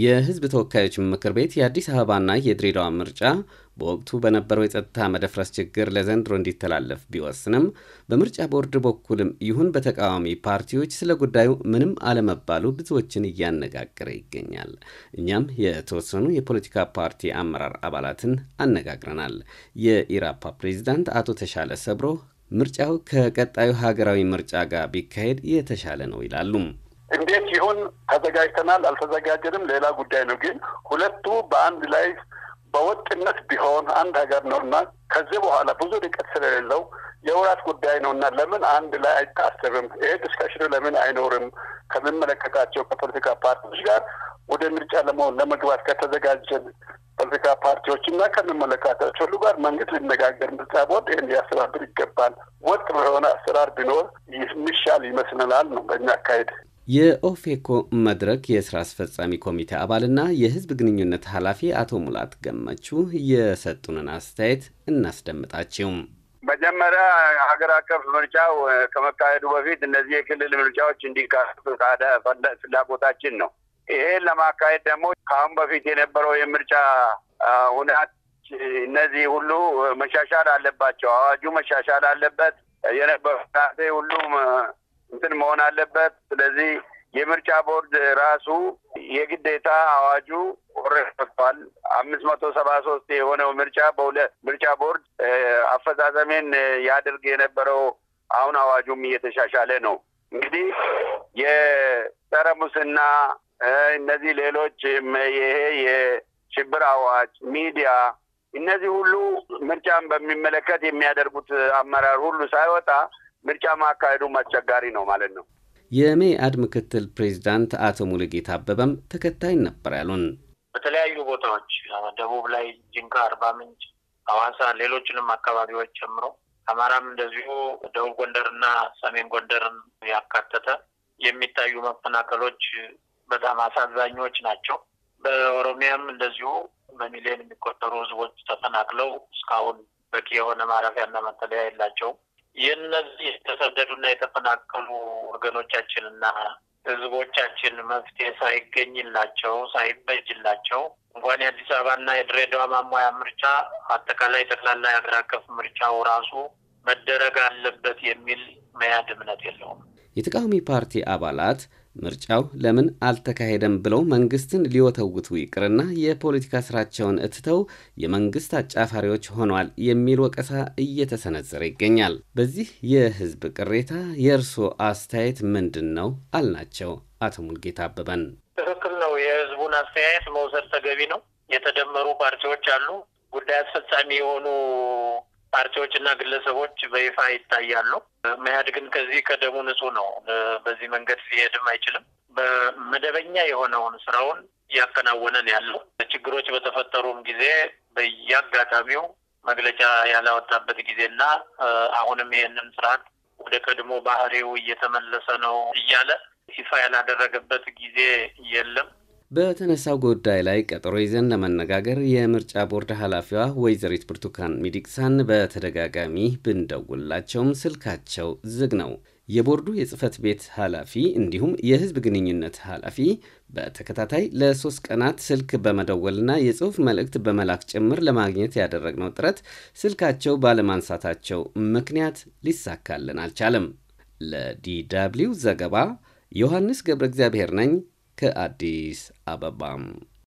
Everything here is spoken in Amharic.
የህዝብ ተወካዮች ምክር ቤት የአዲስ አበባና የድሬዳዋ ምርጫ በወቅቱ በነበረው የጸጥታ መደፍረስ ችግር ለዘንድሮ እንዲተላለፍ ቢወስንም በምርጫ ቦርድ በኩልም ይሁን በተቃዋሚ ፓርቲዎች ስለ ጉዳዩ ምንም አለመባሉ ብዙዎችን እያነጋገረ ይገኛል። እኛም የተወሰኑ የፖለቲካ ፓርቲ አመራር አባላትን አነጋግረናል። የኢራፓ ፕሬዚዳንት አቶ ተሻለ ሰብሮ ምርጫው ከቀጣዩ ሀገራዊ ምርጫ ጋር ቢካሄድ የተሻለ ነው ይላሉም። እንዴት ይሁን ተዘጋጅተናል አልተዘጋጀንም ሌላ ጉዳይ ነው። ግን ሁለቱ በአንድ ላይ በወጥነት ቢሆን አንድ ሀገር ነው እና ከዚህ በኋላ ብዙ ርቀት ስለሌለው የውራት ጉዳይ ነው እና ለምን አንድ ላይ አይታሰብም? ይሄ ዲስካሽኑ ለምን አይኖርም? ከሚመለከታቸው ከፖለቲካ ፓርቲዎች ጋር ወደ ምርጫ ለመሆን ለመግባት ከተዘጋጀን ፖለቲካ ፓርቲዎች እና ከሚመለከታቸው ሁሉ ጋር መንግስት ሊነጋገር ምርጫ ቦርድ ይህን ሊያስተባብር ይገባል። ወጥ በሆነ አሰራር ቢኖር ይህ ምሻል ይመስልናል ነው በእኛ አካሄድ። የኦፌኮ መድረክ የስራ አስፈጻሚ ኮሚቴ አባልና የህዝብ ግንኙነት ኃላፊ አቶ ሙላት ገመቹ የሰጡንን አስተያየት እናስደምጣችው። መጀመሪያ ሀገር አቀፍ ምርጫው ከመካሄዱ በፊት እነዚህ የክልል ምርጫዎች እንዲካሄዱ ፍላጎታችን ነው። ይሄን ለማካሄድ ደግሞ ከአሁን በፊት የነበረው የምርጫ ሁናት እነዚህ ሁሉ መሻሻል አለባቸው። አዋጁ መሻሻል አለበት። የነበረ ሁሉም እንትን መሆን አለበት። ስለዚህ የምርጫ ቦርድ ራሱ የግዴታ አዋጁ ወጥቷል። አምስት መቶ ሰባ ሶስት የሆነው ምርጫ በሁለት ምርጫ ቦርድ አፈጻጸሜን ያደርግ የነበረው አሁን አዋጁም እየተሻሻለ ነው። እንግዲህ የጸረ ሙስና እነዚህ ሌሎችም ይሄ የሽብር አዋጅ፣ ሚዲያ እነዚህ ሁሉ ምርጫን በሚመለከት የሚያደርጉት አመራር ሁሉ ሳይወጣ ምርጫ ማካሄዱም አስቸጋሪ ነው ማለት ነው። የመኢአድ ምክትል ፕሬዚዳንት አቶ ሙሉጌታ አበበም ተከታይ ነበር ያሉን። በተለያዩ ቦታዎች ደቡብ ላይ ጅንካ፣ አርባ ምንጭ፣ ሐዋሳ፣ ሌሎችንም አካባቢዎች ጨምሮ አማራም እንደዚሁ ደቡብ ጎንደርና ሰሜን ጎንደርን ያካተተ የሚታዩ መፈናቀሎች በጣም አሳዛኞች ናቸው። በኦሮሚያም እንደዚሁ በሚሊዮን የሚቆጠሩ ህዝቦች ተፈናቅለው እስካሁን በቂ የሆነ ማረፊያና መጠለያ የላቸውም። የእነዚህ የተሰደዱና የተፈናቀሉ ወገኖቻችንና ህዝቦቻችን መፍትሄ ሳይገኝላቸው ሳይበጅላቸው እንኳን የአዲስ አበባና የድሬዳዋ ማሟያ ምርጫ አጠቃላይ ጠቅላላ የሀገር አቀፍ ምርጫው ራሱ መደረግ አለበት የሚል መያድ እምነት የለውም። የተቃዋሚ ፓርቲ አባላት ምርጫው ለምን አልተካሄደም ብለው መንግስትን ሊወተውቱ ይቅርና የፖለቲካ ስራቸውን እትተው የመንግስት አጫፋሪዎች ሆኗል የሚል ወቀሳ እየተሰነዘረ ይገኛል። በዚህ የህዝብ ቅሬታ የእርስዎ አስተያየት ምንድን ነው? አልናቸው አቶ ሙልጌታ አበበን። ትክክል ነው። የህዝቡን አስተያየት መውሰድ ተገቢ ነው። የተደመሩ ፓርቲዎች አሉ። ጉዳይ አስፈጻሚ የሆኑ ፓርቲዎችና ግለሰቦች በይፋ ይታያሉ። መያድ ግን ከዚህ ከደሙ ንጹህ ነው። በዚህ መንገድ ሲሄድም አይችልም። በመደበኛ የሆነውን ስራውን እያከናወነን ያለው ችግሮች በተፈጠሩም ጊዜ በየአጋጣሚው መግለጫ ያላወጣበት ጊዜ ና አሁንም ይሄንን ስርዓት ወደ ቀድሞ ባህሪው እየተመለሰ ነው እያለ ይፋ ያላደረገበት ጊዜ የለም። በተነሳው ጉዳይ ላይ ቀጠሮ ይዘን ለመነጋገር የምርጫ ቦርድ ኃላፊዋ ወይዘሪት ብርቱካን ሚዲቅሳን በተደጋጋሚ ብንደውላቸውም ስልካቸው ዝግ ነው። የቦርዱ የጽህፈት ቤት ኃላፊ እንዲሁም የህዝብ ግንኙነት ኃላፊ በተከታታይ ለሶስት ቀናት ስልክ በመደወልና የጽሑፍ መልእክት በመላክ ጭምር ለማግኘት ያደረግነው ጥረት ስልካቸው ባለማንሳታቸው ምክንያት ሊሳካልን አልቻለም። ለዲ ደብልዩ ዘገባ ዮሐንስ ገብረ እግዚአብሔር ነኝ። ከአዲስ አበባም